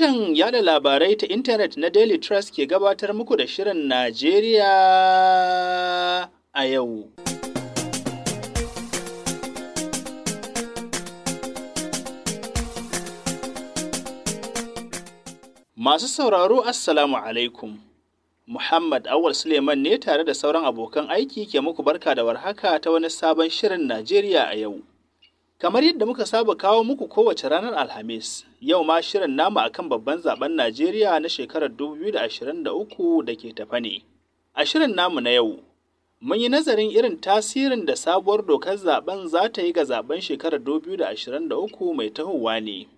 Sashen yada labarai ta intanet na Daily Trust ke gabatar muku da Shirin Najeriya a yau. Masu sauraro Assalamu alaikum. Muhammad Awal Suleiman ne tare da sauran abokan aiki ke muku barka da warhaka ta wani sabon Shirin Najeriya a yau. Kamar yadda muka saba kawo muku kowace ranar Alhamis, yau ma shirin namu kan babban zaben Najeriya na shekarar 2023 da ke tafa ne. A shirin namu na yau, mun yi nazarin irin tasirin da sabuwar dokar zaben za ta yi ga zaben shekarar 2023 mai tahowa ne.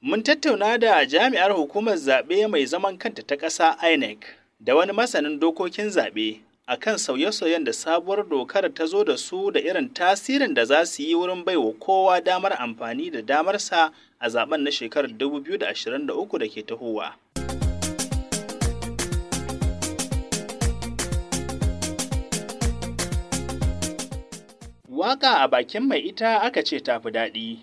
Mun tattauna da jami'ar hukumar zaɓe mai zaman kanta ta ƙasa INEC da wani masanin dokokin zaɓe a kan sauye-sauyen da sabuwar dokar ta zo da su da irin tasirin da za su yi wurin baiwa kowa damar amfani da damarsa a zaben na shekarar 2023 da ke tahowa. Waka a bakin mai ita aka ce tafi daɗi.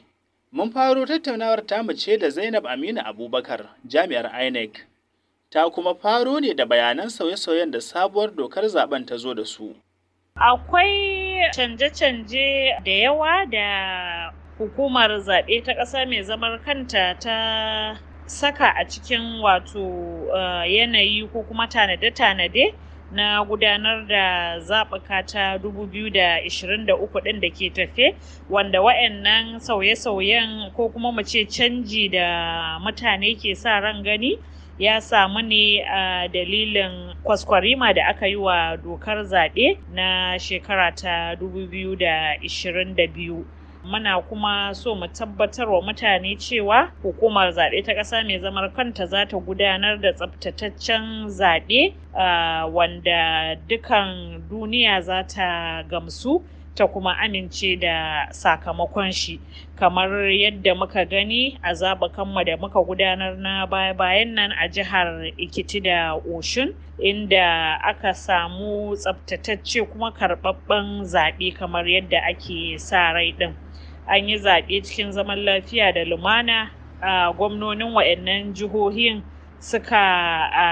Mun faro tattaunawar tamu ce da Zainab Aminu Abubakar, jami'ar INEC. ta kuma faro ne da bayanan sauye-sauyen da sabuwar dokar zaben ta zo da su. Akwai canje-canje da yawa da hukumar zaɓe ta ƙasa mai zamar kanta ta saka a cikin wato eh, yanayi ko kuma tanade-tanade na gudanar da zaɓuka ta 2023 ɗin da ke tafe wanda wa'annan sauye-sauyen ko kuma mu canji da mutane ke sa ran gani ya samu ne a dalilin kwaskwarima da aka yi wa dokar zaɓe na shekara ta 2022 muna kuma so mu tabbatar wa mutane cewa hukumar zaɓe ta ƙasa mai zamar kanta za ta gudanar da tsabtataccen zaɓe wanda dukan duniya za ta gamsu ta kuma amince da sakamakon shi kamar yadda muka gani a zaɓukanmu da muka gudanar na baya-bayan nan a jihar ikiti da oshun inda aka samu tsabtatacce kuma karɓaɓɓen zaɓe kamar yadda ake sa rai ɗin an yi zaɓe cikin zaman lafiya da lumana a gwamnonin waɗannan jihohin suka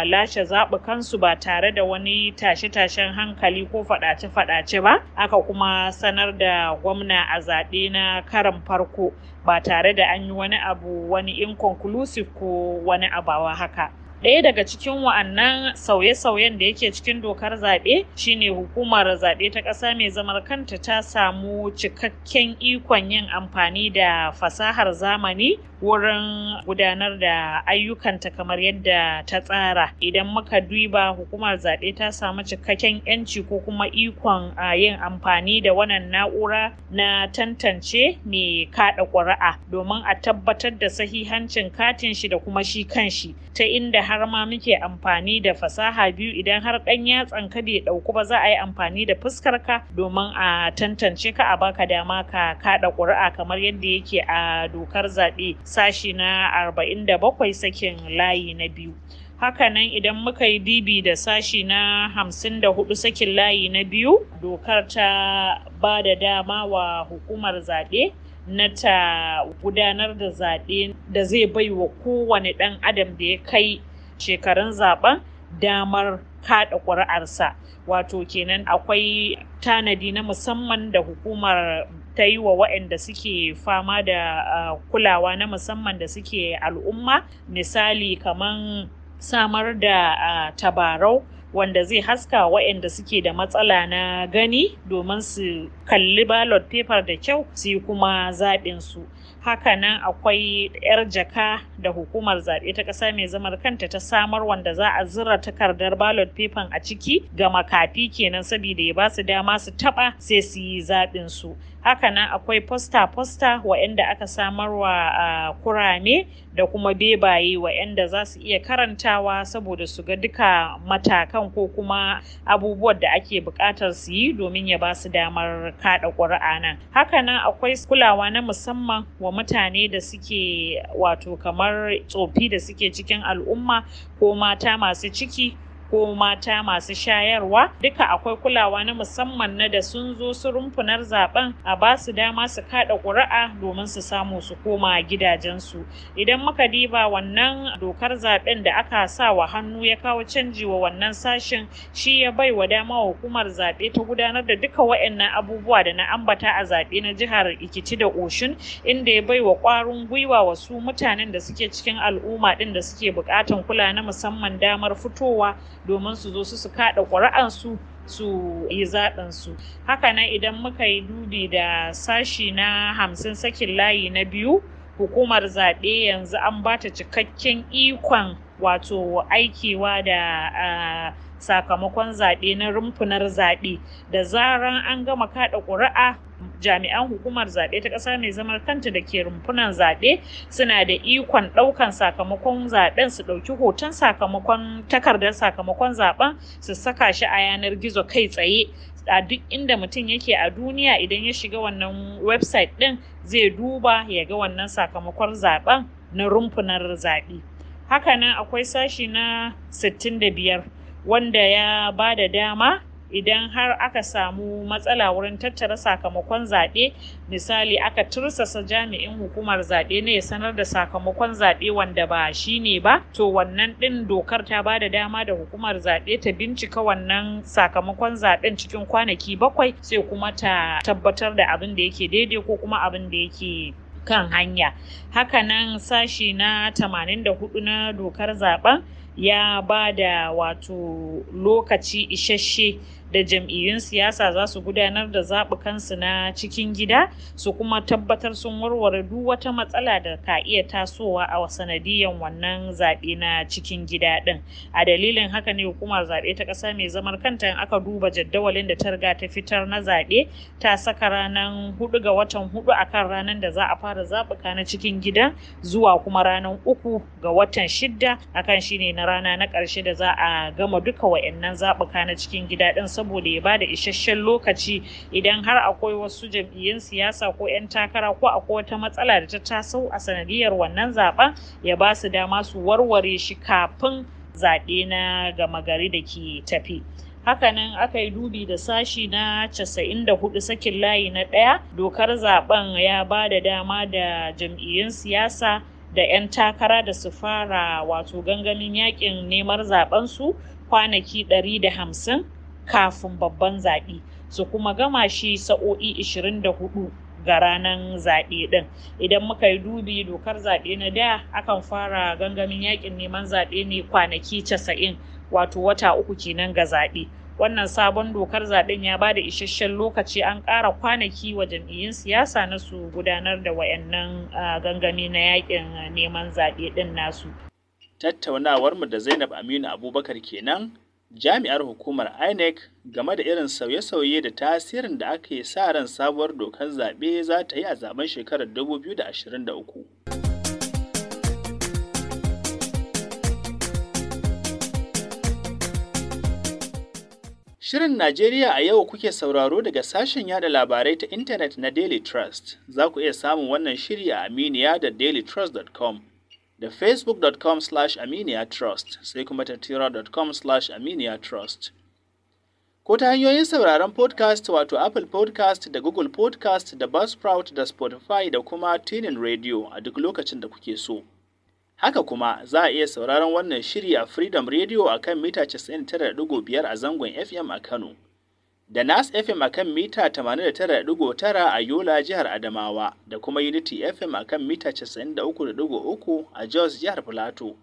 lashe zaɓukansu ba tare da wani tashe-tashen hankali ko faɗace-faɗace ba aka kuma sanar da gwamna a zaɓe na karan farko ba tare da an yi wani abu wani inconclusive ko wani abawa haka Ɗaya daga cikin wa'annan sauye-sauyen da yake cikin dokar zaɓe shine hukumar zaɓe ta ƙasa mai zamar kanta ta samu cikakken ikon yin amfani da fasahar zamani wurin gudanar da ayyukanta kamar yadda ta tsara. Idan muka duba hukumar zaɓe ta samu cikakken 'yanci ko kuma ikon yin amfani da wannan na'ura na tantance mai kaɗa ƙuri'a domin a tabbatar da sahihancin katin shi da kuma shi kanshi ta inda har ma muke amfani da fasaha biyu idan har ɗan yatsan ka bai ɗauku ba za a yi amfani da fuskar ka domin a tantance ka a baka dama ka kaɗa ƙuri'a kamar yadda yake a dokar zaɓe sashi na 47 sakin layi na biyu. hakanan idan muka yi bibi da sashi na hamsin da hudu sakin layi na biyu dokar ta ba da dama wa hukumar zaɓe na ta gudanar da zaɓe da zai baiwa kowane ɗan adam da ya kai shekarun zaben damar kada ƙuri'arsa wato kenan akwai tanadi na musamman da hukumar ta yi wa waɗanda suke fama da ah, kulawa na musamman da suke al'umma misali kaman samar da ah, tabarau wanda zai haska waɗanda suke da matsala na gani domin su kalli ballot paper da kyau su yi kuma zaɓinsu haka nan akwai 'yar jaka da hukumar zaɓe ta ƙasa mai zamar kanta ta samar wanda za a zura takardar ballot paper a ciki ga makafi kenan saboda ya ba su dama su taɓa sai su yi zaɓinsu. haka hakanan akwai fosta posta wa'anda aka samarwa a kurame da kuma bebaye wa'anda za su iya karantawa saboda su ga duka matakan ko kuma abubuwan da ake bukatar su yi domin ya ba su damar kaɗa ƙuri'a nan hakanan akwai kulawa na musamman wa mutane da suke wato kamar tsofi da suke cikin al'umma ko mata masu ciki ko mata masu shayarwa duka akwai kulawa na musamman na da sun zo su rumfunar zaben a ba su dama su kada ƙuri'a domin su samu su koma gidajensu idan muka diba wannan dokar zaben da aka sa wa hannu ya kawo canji wa wannan sashen shi ya bai wa dama hukumar zaɓe ta gudanar da duka wayannan abubuwa da na ambata a zaɓe na jihar ikiti da oshun inda ya bai wa ƙwarin gwiwa wasu mutanen da suke cikin al'umma ɗin da suke buƙatan kula na musamman damar fitowa domin su zo su su kada ƙuri'ansu su yi zaɓinsu. Hakanan idan muka yi dubi da sashi na hamsin sakin layi na biyu, hukumar zaɓe yanzu an ba ta cikakken ikon wato aikewa da sakamakon zaɓe na rumfunar zaɓe da zaran an gama kaɗa ƙuri'a jami'an hukumar zaɓe ta ƙasa mai zama kanta da ke rumfunan zaɓe suna da ikon ɗaukan sakamakon zaɓen su ɗauki hoton sakamakon takardar sakamakon zaɓen su saka shi a yanar gizo kai tsaye a duk inda mutum yake a duniya idan ya shiga wannan website ɗin zai duba ya ga wannan sakamakon zaɓen na rumfunar zaɓe hakanan akwai sashi na 65 wanda ya ba da dama idan har aka samu matsala wurin tattara sakamakon zaɓe misali aka tursasa jami'in hukumar zaɓe ne ya sanar da sakamakon zaɓe wanda ba shi ne ba to wannan ɗin dokar ta ba da dama da hukumar zaɓe ta bincika wannan sakamakon zaɓen cikin kwanaki bakwai sai kuma ta tabbatar da abin da yake daidai ko kuma abin da yake kan hanya Haka nan, sashi na hudu na dokar zaɓen ya ba da wato lokaci isasshe da jam'iyyun siyasa za su gudanar da zaɓukansu na cikin gida su kuma tabbatar sun warware duk wata matsala da ka iya tasowa a sanadiyan wannan zaɓe na cikin gida ɗin a dalilin haka ne hukumar zaɓe ta ƙasa mai zamar kanta aka duba jadawalin da ta riga ta fitar na zaɓe ta saka ranar hudu ga watan hudu akan ranar da za a fara zaɓuka na cikin gida zuwa kuma ranar uku ga watan shidda akan shine na rana na ƙarshe da za a gama duka wa'annan zaɓuka na cikin gida ɗin saboda ya bada isasshen lokaci idan har akwai wasu jam'iyyun siyasa ko 'yan takara ko akwai wata matsala da ta taso a sanadiyar wannan zaben ya ba su dama su warware shi kafin zaɓe na gama gari da ke tafi. hakanan aka yi dubi da sashi na 94 sakin layi na ɗaya dokar zaben ya ba da dama da jam'iyyun siyasa da 'yan takara da su fara wato gangamin yakin neman zaben su kwanaki 150 kafin babban zaɓe su kuma gama shi sa'o'i da 24 ga ranar zaɓe ɗin idan muka yi dubi dokar zaɓe na da akan fara gangamin yaƙin neman zaɓe ne kwanaki casa'in, wato wata uku kenan ga zaɓe wannan sabon dokar zaɓen ya ba da isasshen lokaci an ƙara kwanaki wa jam'iyyun siyasa na su gudanar da wayannan gangami na yakin neman zaɓe ɗin nasu tattaunawarmu da zainab aminu abubakar kenan jami'ar hukumar INEC game da irin sauye-sauye da tasirin da ake sa ran sabuwar dokar zaɓe za ta yi a zaben shekarar 2023. Shirin Najeriya a yau kuke sauraro daga sashen yada labarai ta intanet na Daily Trust. Za ku iya samun wannan shiri a aminiya da dailytrust.com da facebook.com slash aminiyatrust sai kuma tattiracom slash aminiyatrust. Ko ta hanyoyin sauraron podcast wato Apple podcast da Google podcast da Buzzsprout da Spotify da kuma Tinin Radio a duk lokacin da kuke so. Haka kuma za a iya sauraron wannan shiri a Freedom Radio a kan mita 99.5 a zangon FM a Kano. da Nas FM a kan mita 89.9 a Yola jihar Adamawa da kuma Unity FM a kan mita 93.3 a Jos jihar Filato.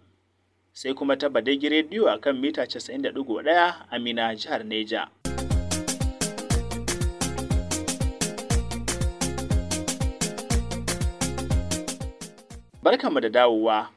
Sai kuma ta Badegi Radio kan mita 90.1 a Mina jihar Neja. Barkanmu da dawowa.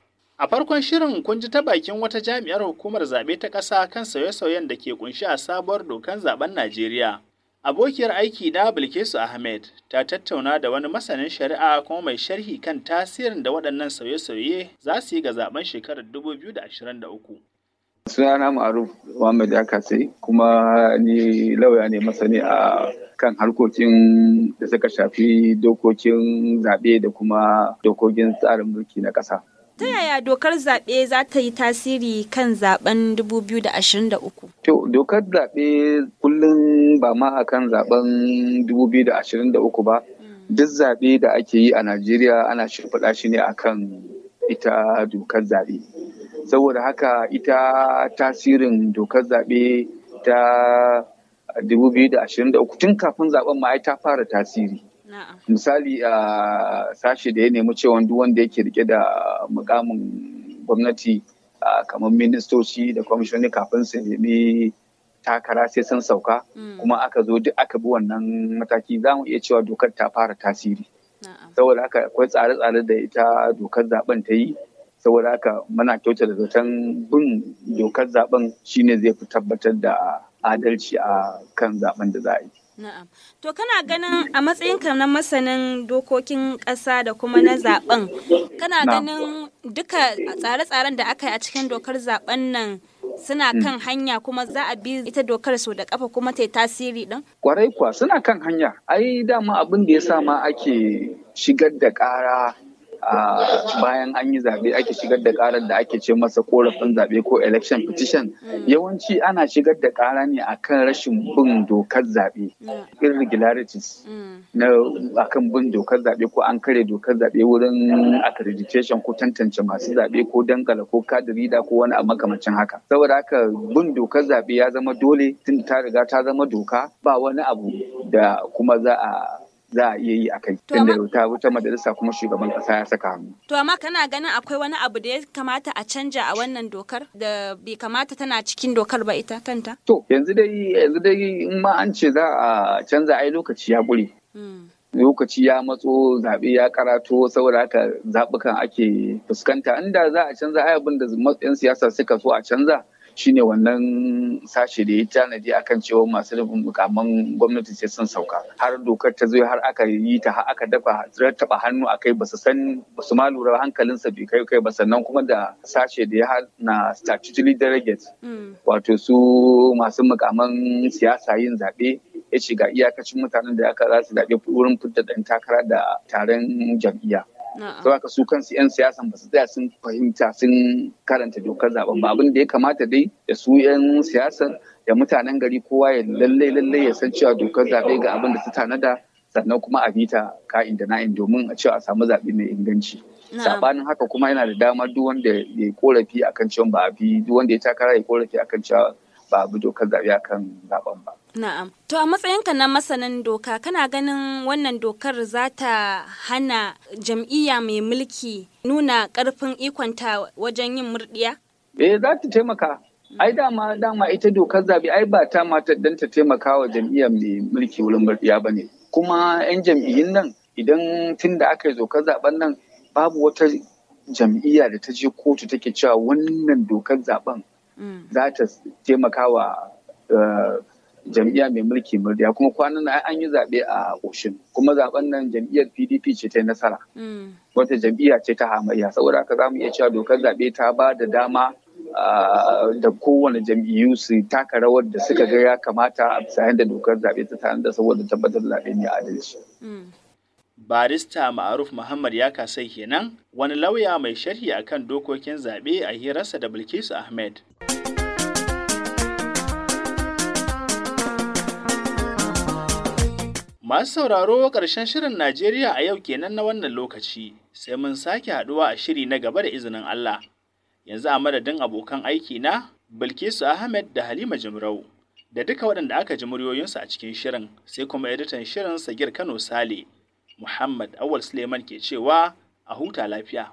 A farkon shirin kun ji ta bakin wata jami'ar hukumar zaɓe ta ƙasa kan sauye-sauyen da ke kunshi a sabuwar dokan zaɓen Najeriya. Abokiyar aiki na Bilkisu Ahmed ta tattauna da wani masanin shari'a kuma mai sharhi kan tasirin da waɗannan sauye-sauye za su yi ga zaɓen shekarar 2023. Sunana Ma'aruf Muhammad ya sai" kuma ni lauya ne masani a kan harkokin da suka shafi dokokin zaɓe da kuma dokokin tsarin mulki na ƙasa. Ta yaya dokar zaɓe za ta yi tasiri kan zaɓen 2023? To, dokar zaɓe kullum ba ma a kan zaɓen 2023 ba, mm. duk zaɓe da ake yi a Najeriya ana shirfaɗa shi ne a kan ita dokar zaɓe. Saboda haka ita tasirin dokar zaɓe ta 2023 tun kafin zaɓen ma ta fara tasiri. misali a sashe da ya nemi cewa duk wanda yake rike da mukamin gwamnati kamar ministoci da kwamishoni kafin su nemi takara sai sun sauka mm. kuma aka zo duk aka bi wannan mataki za mu iya cewa dokar ta fara tasiri saboda haka akwai tsare-tsare da ita dokar zaben ta yi saboda haka muna kyauta da zaton bin dokar zaben shine zai fi tabbatar da adalci a kan zaben da za a yi Na'am. To kana ganin a matsayinka na masanin dokokin ƙasa da kuma na zaben, kana ganin duka tsare-tsaren da aka yi a cikin dokar zaben nan suna hmm. kan hanya kuma za a bi ita dokar so da kafa kuma ta yi tasiri din? Kwarai kuwa suna kan hanya. Ai dama abin da ya sa ma ake shigar da ƙara bayan an yi zaɓe ake shigar da ƙarar da ake ce masa korafin zaɓe ko election petition mm. yawanci ana shigar da ƙara ne akan rashin bin dokar zaɓe irregularities mm. na akan bin dokar zaɓe ko an kare dokar zaɓe wurin accreditation ko tantance masu zaɓe ko dangala ko kadirida ko wani makamancin haka saboda haka bin dokar zaɓe ya zama dole tun ta riga ta zama doka ba wani abu da kuma za a za a iya yi a kai tunda ta wuce majalisa kuma shugaban kasa ya saka hannu. To amma kana ganin akwai wani abu da ya kamata a canja a wannan dokar da bai kamata tana cikin dokar ba ita kanta? To yanzu dai yanzu dai in ma an ce za a canza ai lokaci ya ƙure. Hmm. lokaci ya matso zaɓe ya karato saboda haka zaɓukan ake fuskanta inda za a canza ai abin da 'yan siyasa suka so a canza shine wannan sashe da ya tanadi akan cewa masu rufin mukamman gwamnati sai sun sauka har dokar ta zo har aka yi ta har aka dafa rattaba hannu akai basu san basu ma lura hankalinsa bai kai kai ba sannan kuma da sashe da ya na statutory delegate mm. wato su masu mukamman siyasa yin zaɓe ya shiga iyakacin mutanen da aka za su zaɓe wurin fidda ɗan takara da taron jam'iyya. Sau haka su kansu 'yan siyasan ba su tsaya sun fahimta sun karanta dokar zaben ba abin da ya kamata dai da su 'yan siyasan da mutanen gari kowa ya lallai lallai ya san cewa dokar zaɓe ga abin da su tanada sannan kuma a bita ka'in da na'in domin a cewa a samu zaɓe mai inganci. Sabanin haka kuma yana da damar duk wanda ya korafi akan cewa ba a bi duk wanda ya takara ya korafi akan cewa ba a bi dokar zaɓe akan zaben ba. Na'am. To a matsayinka na masanin doka kana ganin wannan dokar za ta hana jam'iyya mai mulki nuna ƙarfin ikonta wajen yin murɗiya? Eh za ta taimaka. Ai dama dama ita dokar zabi ai ba ta mata dan ta taimaka wa jam'iyya mai mulki wurin murɗiya ba ne. Kuma 'yan jam'iyyun nan idan tun da aka yi dokar zaben nan babu wata jam'iyya da ta je kotu take cewa wannan dokar zaben mm. za ta taimaka wa eh, jam'iyya mai mulki murya kuma kwanan nan an yi zaɓe a Oshin kuma zaben nan jam'iyyar PDP ce ta nasara wata jam'iyya ce ta hamayya saboda haka zamu iya cewa dokar zaɓe ta ba da dama da kowane jam'iyyu su taka rawar da suka ga ya kamata a bisa yadda dokar zaɓe ta tare da saboda tabbatar da zaɓe a adalci. Barista Ma'aruf Muhammad ya kasai kenan wani lauya mai sharhi akan dokokin zaɓe a hirarsa da Bilkisu Ahmed. Masu sauraro ƙarshen shirin Najeriya a yau kenan na wannan lokaci, sai mun sake haɗuwa a shiri na gaba da izinin Allah. Yanzu a madadin abokan aiki na Bilkisu Ahmed da Halima Jimrau, da duka waɗanda aka ji muryoyinsu a cikin shirin, sai kuma editan shirin Sagir Kano Sale, Muhammad Awal Suleiman ke cewa a huta lafiya.